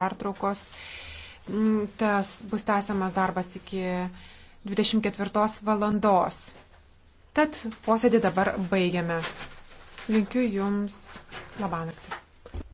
pertraukos. Mm, tas bus tęsiamas darbas iki 24 valandos. Tad posėdį dabar baigiame. Linkiu Jums labą naktį.